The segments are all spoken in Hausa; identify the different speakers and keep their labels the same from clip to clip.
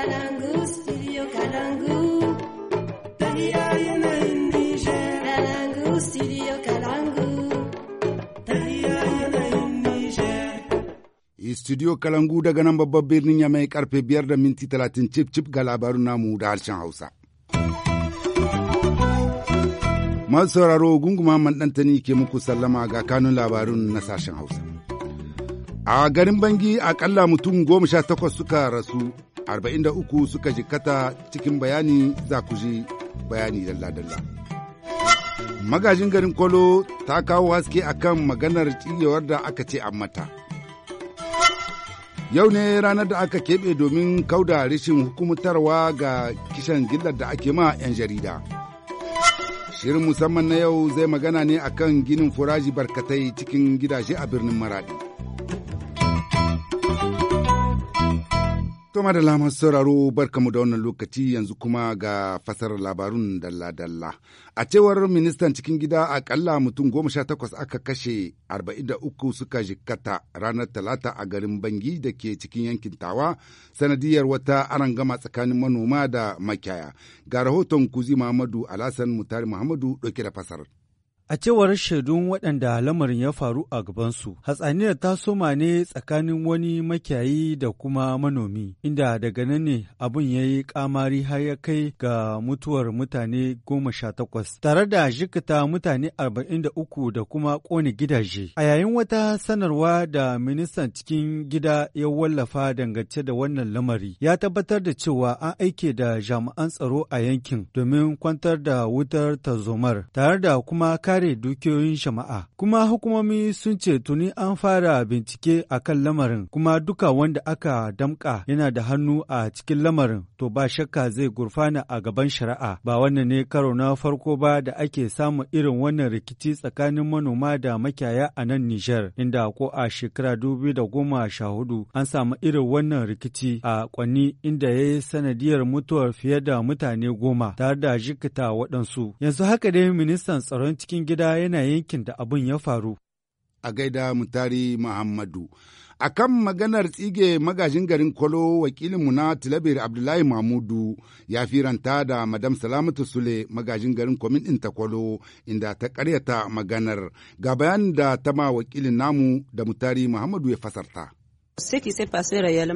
Speaker 1: Kalangu, studio Kalangu. Kalangu, studio Kalangu.
Speaker 2: Studio Kalangu daga nan babban birnin ya mai karfe biyar da minti talatin cif cif ga labarun namu da harshen Hausa. Masu sauraro gunguma mandantani ke muku sallama ga kanun labarun na sashen Hausa. A garin Bangi akalla mutum goma sha takwas suka rasu 43 suka jikata cikin bayani za ku ji bayani dalla-dalla. Magajin garin Kwalo ta kawo haske a kan maganar cigewar da aka ce a mata. Yau ne ranar da aka keɓe domin kauda rishin hukumtarwa ga kishan gillar da ake ma 'yan jarida. Shirin musamman na yau zai magana ne akan ginin furaji barkatai cikin gidaje a birnin Maraɗi. Toma da lamar sauraro barkamu da wannan lokaci yanzu kuma ga fasar labarun dalla-dalla. A cewar ministan cikin gida akalla mutum goma sha takwas aka kashe arba'in da uku suka jikata ranar talata a garin Bangi da ke cikin yankin Tawa sanadiyar wata gama tsakanin manoma da makiyaya. Ga rahoton Kuzi Muhammadu Alhassan Mutari Muhammadu ɗauke da fasar.
Speaker 1: A cewar shaidun waɗanda lamarin ya faru a gabansu, hatsaniyar ta soma ne tsakanin wani makiyayi da kuma manomi, inda daga nan ne abin ya yi kamari har ya kai ga mutuwar mutane goma sha takwas, tare da jikita mutane arba'in da uku da kuma ƙone gidaje. A yayin wata sanarwa da ministan cikin gida ya wallafa dangance da wannan lamari, ya tabbatar da cewa an aike da jami'an tsaro a yankin domin kwantar da wutar tazomar, tare da kuma kare kare dukiyoyin jama'a. Kuma hukumomi sun ce tuni an fara bincike a kan lamarin, kuma duka wanda aka damka yana da hannu a cikin lamarin, to ba shakka zai gurfana a gaban shari'a. Ba wannan ne karo na farko ba da ake samun irin wannan rikici tsakanin manoma da makiyaya a nan Nijar, inda ko a shekara dubu da goma sha hudu an samu irin wannan rikici a kwanni inda ya yi sanadiyar mutuwar fiye da mutane goma tare da jikita waɗansu. Yanzu haka dai ministan tsaron cikin gida yana yankin da abin ya faru.
Speaker 2: A gaida Mutari Muhammadu. A kan maganar tsige magajin garin Kwalo wakilinmu na Tilabir Abdullahi Mahmudu ya firanta da Madam Salamatu Sule magajin garin kwamin ɗin ta Kwalo inda ta karyata maganar ga bayan da ta ma wakilin namu da Mutari Muhammadu ya fasarta.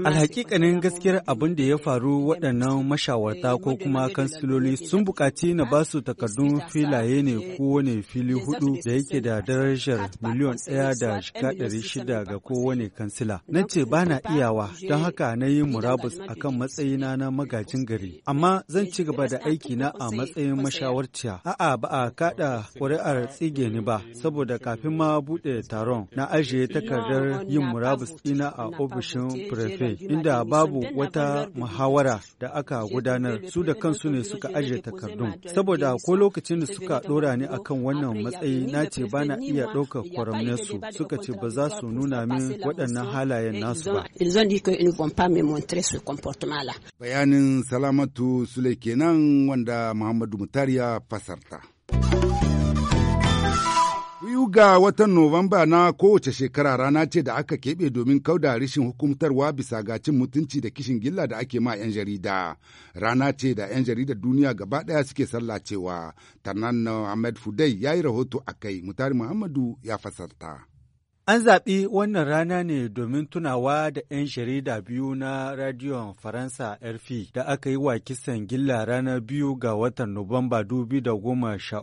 Speaker 1: Alhakikanin gaskiyar abin da ya faru waɗannan mashawarta ko kuma kansiloli sun bukaci na ba su takardun filaye ne kowane fili hudu da yake da darajar miliyon ɗaya da shiga ɗari shida ga kowane kansila. Na ce ba na iyawa don haka na yi murabus a kan matsayina na magajin gari. Amma zan ci gaba da aiki na a matsayin mashawarciya. A'a ba a kaɗa ƙuri'ar tsige ni ba saboda kafin ma buɗe taron na ajiye takardar yin murabus ɗina a ofishin Prefe, inda babu wata muhawara da aka gudanar su da kansu ne suka ajiye takardun saboda ko lokacin da suka dora ni akan wannan matsayi na ce ba na iya ɗaukar
Speaker 2: su suka ce ba za su nuna min waɗannan halayen nasu ba. Bayanin Salamatu Sule kenan wanda Muhammadu Mutariya ya fasarta. ga watan Nuwamba na kowace shekara rana ce da aka keɓe domin kauda rashin hukumtarwa bisa ga cin mutunci da kishin gilla da ake ma 'yan jarida. Rana ce da 'yan jaridar duniya gaba ɗaya suke sallacewa. na Ahmed Fudai ya yi rahoto a kai, Mutari Muhammadu ya fasarta.
Speaker 1: An zaɓi wannan rana ne domin tunawa da 'yan jarida biyu na radiyon Faransa rf da aka yi wa kisan gilla ranar biyu ga watan Nuwamba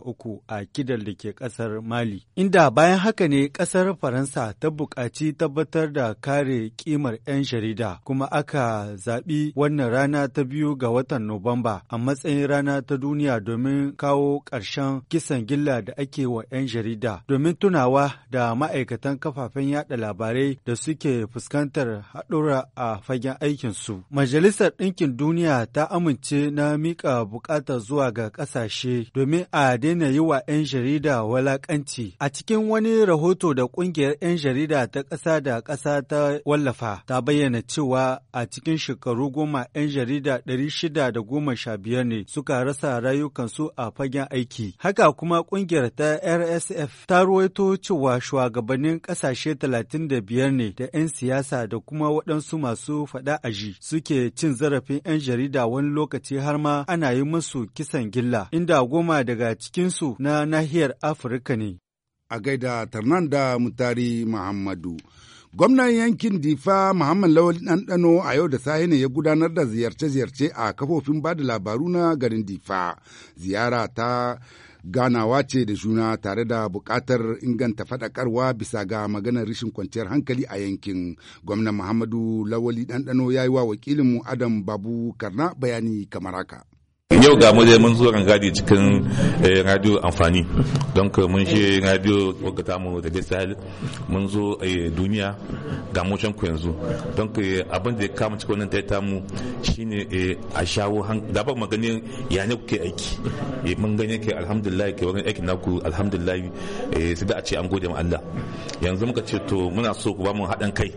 Speaker 1: uku a kidal da ke ƙasar Mali. Inda bayan haka ne ƙasar Faransa ta buƙaci tabbatar da kare ƙimar 'yan jarida kuma aka zaɓi wannan rana ta biyu ga watan Nuwamba a matsayin rana ta duniya domin kawo ƙarshen kisan gilla da ake wa 'yan jarida domin tunawa da ma'aikatan kafafen yada labarai da suke fuskantar haɗura a fagen aikinsu. Majalisar Ɗinkin Duniya ta amince na miƙa buƙatar zuwa ga ƙasashe domin a daina yi wa 'yan jarida walaƙanci. A cikin wani rahoto da ƙungiyar 'yan jarida ta ƙasa da ƙasa ta wallafa, ta bayyana cewa a cikin shekaru goma 'yan jarida ɗari shida da goma sha biyar ne suka rasa rayukansu a fagen aiki. Haka kuma ƙungiyar ta RSF ta ruwaito cewa shugabannin ƙasa ƙasashe 35 ne da 'yan siyasa da kuma waɗansu masu faɗa aji suke cin zarafin 'yan jarida wani lokaci har ma ana yi musu kisan gilla,
Speaker 2: inda goma daga cikinsu na nahiyar Afirka ne. A gaida Tarnanda Mutari Muhammadu. Gwamnan yankin Difa Muhammad Lawal Ɗanɗano a yau da sahi ne ya gudanar da ziyarce-ziyarce a kafofin ba da labaru na garin Difa. Ziyara ta ganawa ce da juna tare da buƙatar inganta faɗakarwa bisa ga maganar rashin kwanciyar hankali a yankin. Gwamnan Muhammadu Lawali ɗanɗano ya yi wa wakilinmu Adam Babu Karna bayani kamar haka. yau ga mu dai mun zo gadi cikin eh, radio amfani don ka mun shi radio wakata mu da sahel mun zo eh, duniya ga mu can ku yanzu don ka eh, abin da ya kama cikin wannan taita mu shine a shawo da ba magani ya ne kuke aiki mun gani ke alhamdulillah ke wani aikin naku alhamdulillah sai da a ce an gode ma Allah yanzu muka ce to muna so ku ba mu haɗin kai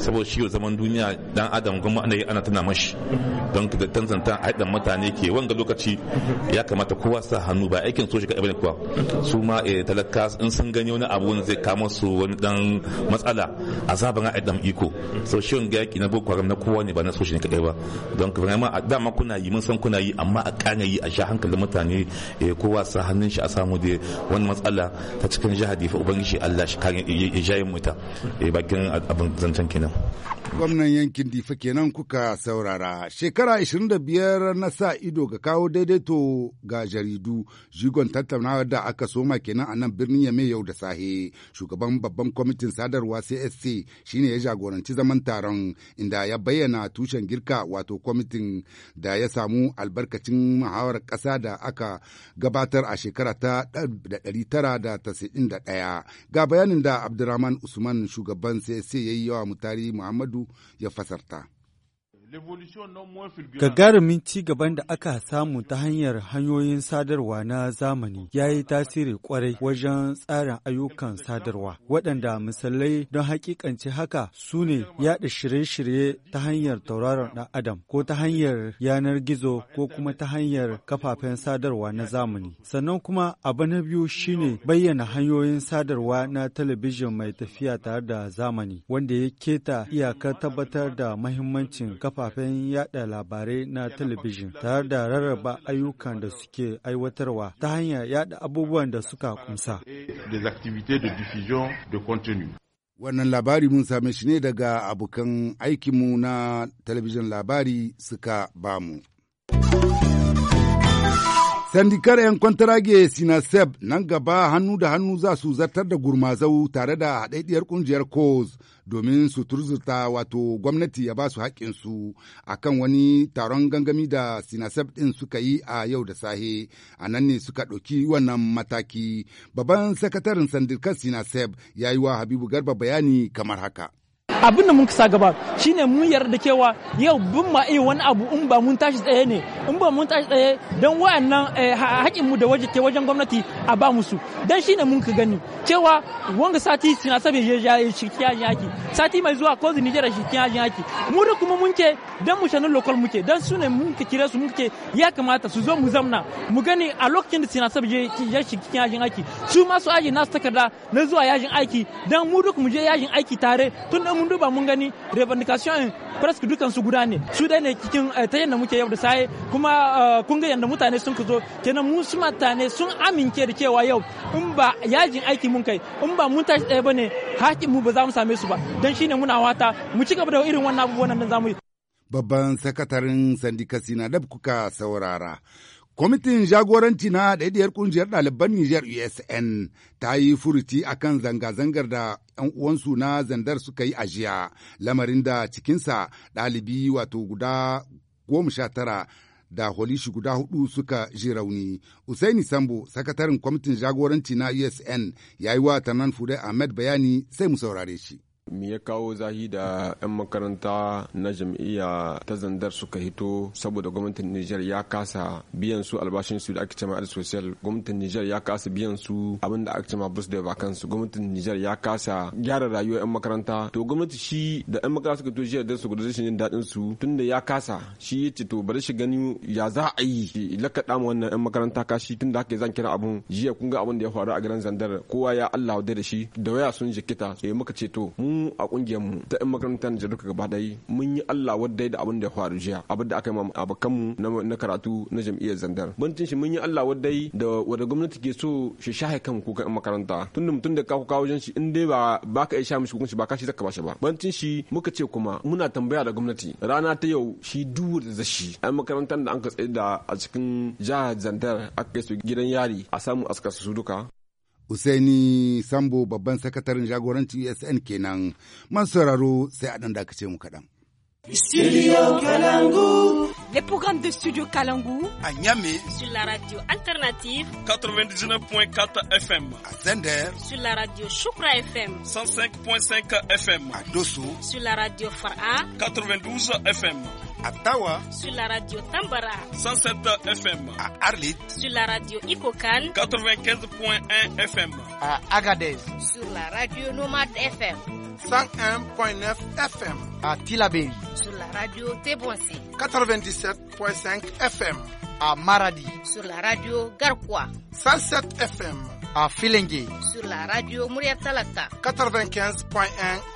Speaker 2: saboda shi zaman duniya dan adam kuma ana yi ana tana mashi don ka tantanta a haɗin mutane ke wanga lokaci ya kamata kowa sa hannu ba aikin soji ka ibn kuwa su ma eh, talaka in sun gani wani abu wanda zai kama su wani dan matsala azaban adam iko so shin ga yaki na boko haram na kowa ne ba na soji ne kadai ba don ka ma dama kuna yi mun san kuna yi amma a kanya yi a sha hankalin mutane eh, kowa sa hannun shi a samu da wani matsala ta cikin jihar da ubangiji Allah shi kan ya jayin mutum eh, bakin abin zancen kenan gwamnan yankin difa kenan kuka saurara shekara 25 na sa ido ga kawo daidaito ga jaridu jigon tattaunawar da aka soma kenan a nan birnin yame yau da sahe shugaban babban kwamitin sadarwa csc shine ya jagoranci zaman taron inda ya bayyana tushen girka wato kwamitin da ya samu albarkacin muhawar ƙasa da aka gabatar a shekara ta 1991 ga bayanin da abdurrahman usman shugaban csc ya yi yawa mutari muhammadu Malu ya fasarta. Gagarumin ci gaban
Speaker 1: da aka samu ta hanyar hanyoyin sadarwa na zamani ya yi tasiri kwarai wajen tsarin ayyukan sadarwa, waɗanda misalai don hakikanci haka su ne yaɗa shirye-shirye ta hanyar tauraron ɗan adam ko ta hanyar yanar gizo ko kuma ta hanyar kafafen sadarwa na zamani. Sannan kuma abu na biyu shine bayyana hanyoyin sadarwa na talabijin mai tafiya tare da zamani, wanda ya keta iyakar tabbatar da mahimmancin kafa kafafen yada labarai na talabijin tare da rarraba ayyukan da suke aiwatarwa ta hanyar yada abubuwan da suka kumsa.
Speaker 2: Wannan labari mun same shi ne daga abokan aikinmu na talabijin labari suka bamu. Sandikar 'yan kwantarage Sinaseb nan gaba hannu da hannu za su zartar da gurmazau tare da haɗaɗɗiyar ƙungiyar COS domin su turzuta wato gwamnati ya ba su haƙƙinsu a kan wani taron gangami da Sinaseb ɗin suka yi a yau da sahe. A nan ne suka ɗauki wannan mataki. Babban sakataren sandikar Sinaseb ya yi wa Habibu Garba bayani kamar haka. abin da mun kasa gaba shine mun yarda cewa
Speaker 3: yau bin ma iya wani abu in ba mun tashi tsaye ne in ba mun tashi tsaye don wayannan eh, haƙin mu da waje ke wajen gwamnati a ba musu dan shine mun ka gani cewa wanga sati suna sabe ya shi kiyaye yaki sati mai zuwa ko Nijar shi kiyaye yaki mu da kuma mun ke dan mu shanin local muke dan su ne mun ka kira su mun ke ya kamata su zo mu zamna mu gani a lokacin da suna sabe ya shi kiyaye yaki su ma su aji nasu takarda na zuwa yajin aiki dan mu duk mu je yajin aiki tare tun da mun duba mun gani revendication presque dukan su guda ne su dai ne cikin eh, ta yadda muke yau da sai kuma eh, kun ga yadda mutane sun ka zo kenan mu su mutane sun amince da cewa yau in ba yajin aiki mun kai in ba mun tashi ɗaya bane hakin mu ba za mu same su ba dan shine muna wata mu ci gaba da irin wannan abubuwan nan zamu yi
Speaker 2: babban sakataren sandika dab kuka saurara Kwamitin jagoranci na ɗaiɗiyar ƙungiyar ɗaliban Nijar USN ta yi furuci a kan zanga-zangar da 'yan uwansu na zandar suka yi ajiya, lamarin da cikinsa ɗalibi wato guda goma sha tara da holishi guda hudu suka ji rauni. Usaini Sambo, sakataren kwamitin jagoranci na USN, ya yi wa Tanan Fude Ahmed
Speaker 4: bayani sai mu saurare shi. me ya kawo zahi da 'yan makaranta na jam'iyya ta zandar suka hito saboda gwamnatin Nijar ya kasa biyan su albashin su da ake cema al social gwamnatin Nijar ya kasa biyan su abin da ake cema bus da su gwamnatin Nijar ya kasa gyara rayuwar 'yan makaranta to gwamnati shi da 'yan makaranta suka to jiya da su gudu rashin jin daɗin su tunda ya kasa shi ya ce to bari shi gani ya za a yi lakaɗa mu wannan 'yan makaranta kashi tunda haka zan kira abun jiya kun ga abin da ya faru a garin zandar kowa ya Allah da shi da waya sun jikita sai eh muka ce to mu Mun a kungiyar mu ta yan makaranta Nijar duka gaba dai mun yi Allah wadai da abin da ya faru jiya abin da aka yi abakan mu na karatu na jam'iyyar Zandar bancin shi mun yi Allah wadai da wadda gwamnati ke so shi shahe kan kukan yan makaranta tun da mutum da ka kawo wajen shi in dai ba ba ka iya mishi hukunci ba ka shi zaka bashi ba bancin shi muka ce kuma muna tambaya da gwamnati rana ta yau shi duwur da shi yan makarantar da an ka tsaye da a cikin jihar Zandar aka kai su gidan yari a samu askar su duka
Speaker 2: Usaini Sambo babban sakataren jagoranci USN kenan. Masu sauraro sai a ɗan dakace mu kaɗan. Studio Kalangu. Les programmes de Studio Kalangu. À Niamey.
Speaker 3: Sur la radio alternative.
Speaker 4: 99.4 FM. À Zender.
Speaker 3: Sur la radio Choukra FM.
Speaker 4: 105.5 FM. À Dosso. Sur
Speaker 2: la radio Farah.
Speaker 4: 92 FM à Tawa sur
Speaker 2: la radio Tambara
Speaker 4: 107 FM à Arlit sur la radio Ikokan 95.1 FM à Agadez
Speaker 2: sur la radio Nomade FM 101.9 FM
Speaker 3: à Tilabé
Speaker 2: sur la radio Tebonsi 97.5 FM à Maradi sur la radio Garquois 107 FM à Filengue. Sur la radio Mourir Talaka. 95.1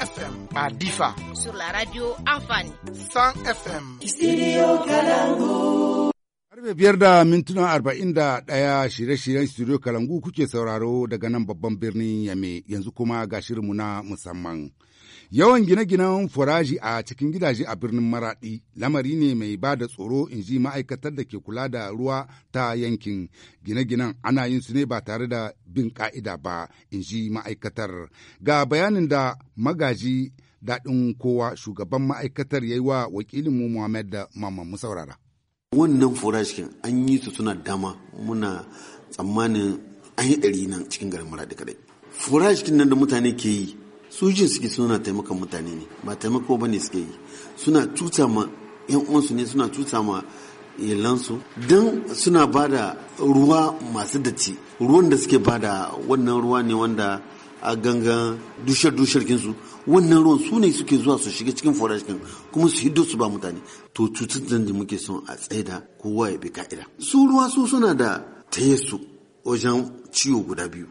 Speaker 2: FM à Difa. Sur la radio Anfani. 100 FM. Studio Kalangu. Karfe biyar da mintuna arba'in da ɗaya shirye-shiryen studio Kalangu kuke sauraro daga nan babban birnin Yame yanzu kuma ga shirinmu na musamman. Yawan gine-ginen furaji a cikin gidaje a birnin Maraɗi lamari ne mai ba da tsoro in ji ma'aikatar da ke kula da ruwa ta yankin. Gine-ginen ana yin su ne ba tare da bin ka'ida ba in ji ma'aikatar. Ga bayanin da magaji daɗin kowa shugaban ma'aikatar ya yi wa wakilin
Speaker 3: mu Muhammad da Mamman mu saurara. Wannan furaji an yi su suna dama muna tsammanin an yi ɗari nan cikin garin Maraɗi kaɗai. Furaji nan da mutane ke yi su jin suke suna taimakon mutane ne ba taimako ba ne suke yi suna tuta ma yan uwansu ne suna tuta ma yalansu don suna ba da ruwa masu datti ruwan da suke ba da wannan ruwa ne wanda a gangan dushar-dushar kinsu wannan ruwan su ne suke zuwa su shiga cikin forashin kuma su hiddo su ba mutane to cututtukan da muke son a tsaida kowa ya bi ka'ida su ruwa su suna da tayesu su wajen ciwo guda biyu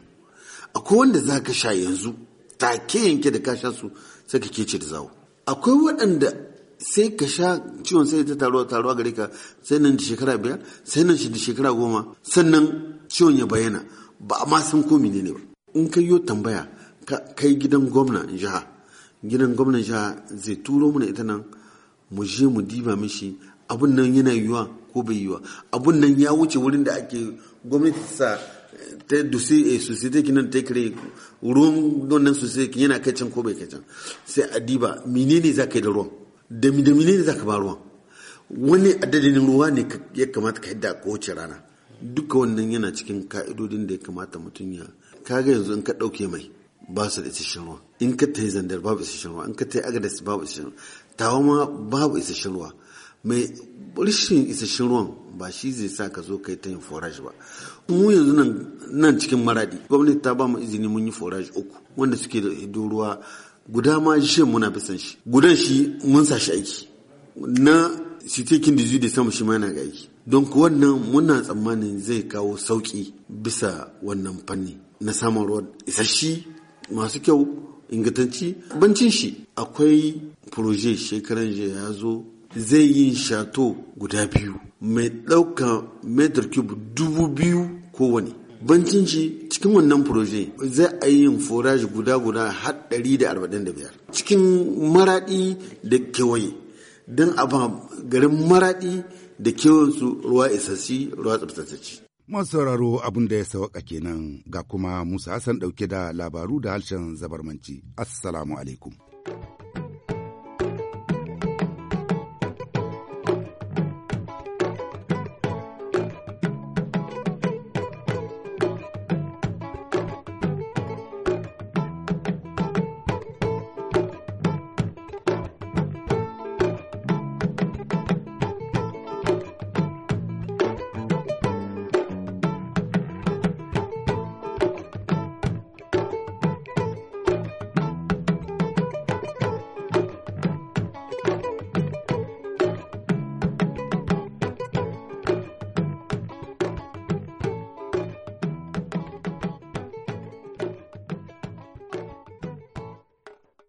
Speaker 3: akwai wanda za ka sha yanzu take yanke da ka sha su sai ka kece da zawo akwai waɗanda sai ka sha ciwon sai ta taruwa taruwa gare ka sai nan da shekara biyar sai nan da shekara goma sannan ciwon ya bayyana ba a ma san ko ne ba in ka yi tambaya kai gidan gwamna jiha gidan gwamnan jiha zai turo mana ita nan mu je mu diba mishi abun nan yana yiwa ko bai yiwa abun nan ya wuce wurin da ake gwamnati ta sa ta dusi eh, a society nan ta kire don nan society ki yana kacin can ko bai kacin can sai a diba menene za ka yi da ruwan da menene za ka ba ruwan wani adadin ruwa ne ya kamata ka yadda ko wace rana duka wannan yana cikin ka'idodin da ya kamata mutum ya kaga yanzu in ka dauke mai ba su da isasshen ruwa in ka ta yi zandar babu isasshen ruwa in ka ta yi agadas babu isasshen ruwa tawa ma babu isasshen ruwa mai rashin isasshen ruwan ba shi zai sa ka zo kai ta yin forage ba mu yanzu nan cikin maradi gwamnati ta ba mu izini mun yi forage uku wanda suke da ido ruwa guda ma shi muna bisan shi gudan shi mun sa shi aiki na sitekin da zuwa da samu shi ma yana ga aiki don wannan muna tsammanin zai kawo sauki bisa wannan fanni na samun ruwa isasshi masu kyau ingatanci bancin shi akwai proje shekaran ya zo zai yi shato guda biyu mai ɗaukan metar cube dubu biyu kowane bancin shi cikin wannan proje zai a yin foraji guda guda har ɗari da arba'in da biyar cikin maraɗi da kewaye don a ba garin maraɗi da kewansu ruwa isassi ruwa tsabtatacci
Speaker 2: Masu sauraro abin da ya sauka kenan ga kuma Musa Hassan ɗauke da labaru da harshen zabarmanci. Assalamu alaikum.